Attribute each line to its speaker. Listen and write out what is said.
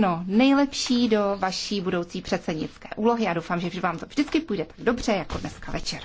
Speaker 1: všechno nejlepší do vaší budoucí předsednické úlohy a doufám, že vám to vždycky půjde tak dobře, jako dneska večer.